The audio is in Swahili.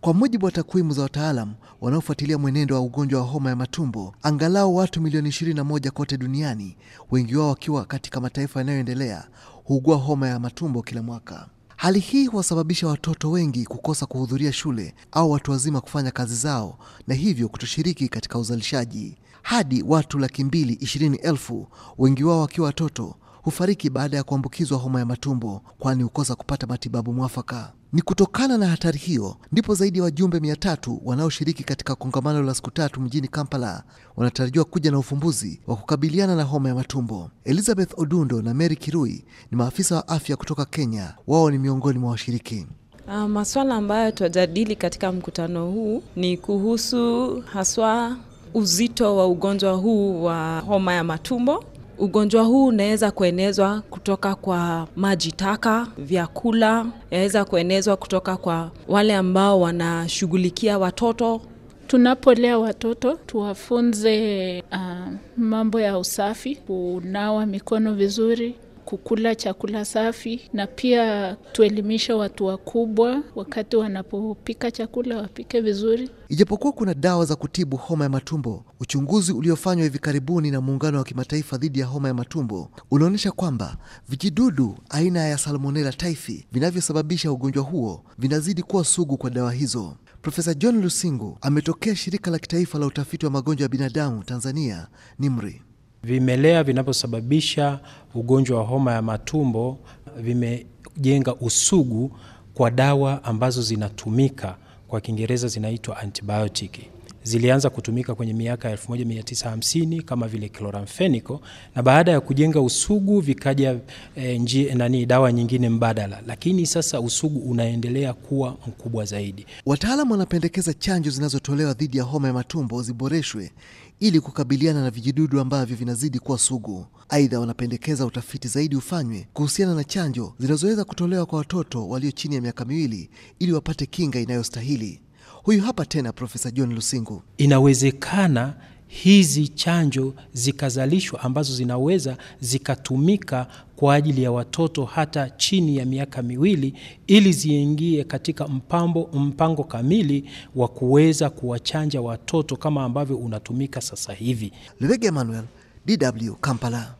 Kwa mujibu wa takwimu za wataalam wanaofuatilia mwenendo wa ugonjwa wa homa ya matumbo, angalau watu milioni 21 kote duniani, wengi wao wakiwa katika mataifa yanayoendelea, huugua homa ya matumbo kila mwaka. Hali hii huwasababisha watoto wengi kukosa kuhudhuria shule au watu wazima kufanya kazi zao na hivyo kutoshiriki katika uzalishaji. Hadi watu laki mbili ishirini elfu, wengi wao wakiwa watoto hufariki baada ya kuambukizwa homa ya matumbo, kwani hukosa kupata matibabu mwafaka. Ni kutokana na hatari hiyo ndipo zaidi ya wa wajumbe mia tatu wanaoshiriki katika kongamano la siku tatu mjini Kampala wanatarajiwa kuja na ufumbuzi wa kukabiliana na homa ya matumbo. Elizabeth Odundo na Mary Kirui ni maafisa wa afya kutoka Kenya, wao ni miongoni mwa washiriki. Uh, maswala ambayo tutajadili katika mkutano huu ni kuhusu haswa uzito wa ugonjwa huu wa homa ya matumbo Ugonjwa huu unaweza kuenezwa kutoka kwa maji taka, vyakula, yaweza kuenezwa kutoka kwa wale ambao wanashughulikia watoto. Tunapolea watoto tuwafunze uh, mambo ya usafi, kunawa mikono vizuri, kukula chakula safi, na pia tuelimishe watu wakubwa wakati wanapopika chakula wapike vizuri. Ijapokuwa kuna dawa za kutibu homa ya matumbo, uchunguzi uliofanywa hivi karibuni na muungano wa kimataifa dhidi ya homa ya matumbo unaonyesha kwamba vijidudu aina ya salmonella typhi vinavyosababisha ugonjwa huo vinazidi kuwa sugu kwa dawa hizo. Profesa John Lusingu ametokea shirika la kitaifa la utafiti wa magonjwa ya binadamu Tanzania, NIMRI. Vimelea vinavyosababisha ugonjwa wa homa ya matumbo vimejenga usugu kwa dawa ambazo zinatumika, kwa Kiingereza zinaitwa antibiotic zilianza kutumika kwenye miaka 1950 kama vile chloramphenicol, na baada ya kujenga usugu vikaja e, nji, nani dawa nyingine mbadala, lakini sasa usugu unaendelea kuwa mkubwa zaidi. Wataalamu wanapendekeza chanjo zinazotolewa dhidi ya homa ya matumbo ziboreshwe ili kukabiliana na vijidudu ambavyo vinazidi kuwa sugu. Aidha, wanapendekeza utafiti zaidi ufanywe kuhusiana na chanjo zinazoweza kutolewa kwa watoto walio chini ya miaka miwili ili wapate kinga inayostahili. Huyu hapa tena Profesa John Lusingu. Inawezekana hizi chanjo zikazalishwa ambazo zinaweza zikatumika kwa ajili ya watoto hata chini ya miaka miwili ili ziingie katika mpambo, mpango kamili wa kuweza kuwachanja watoto kama ambavyo unatumika sasa hivi. Lebege Emmanuel, DW Kampala.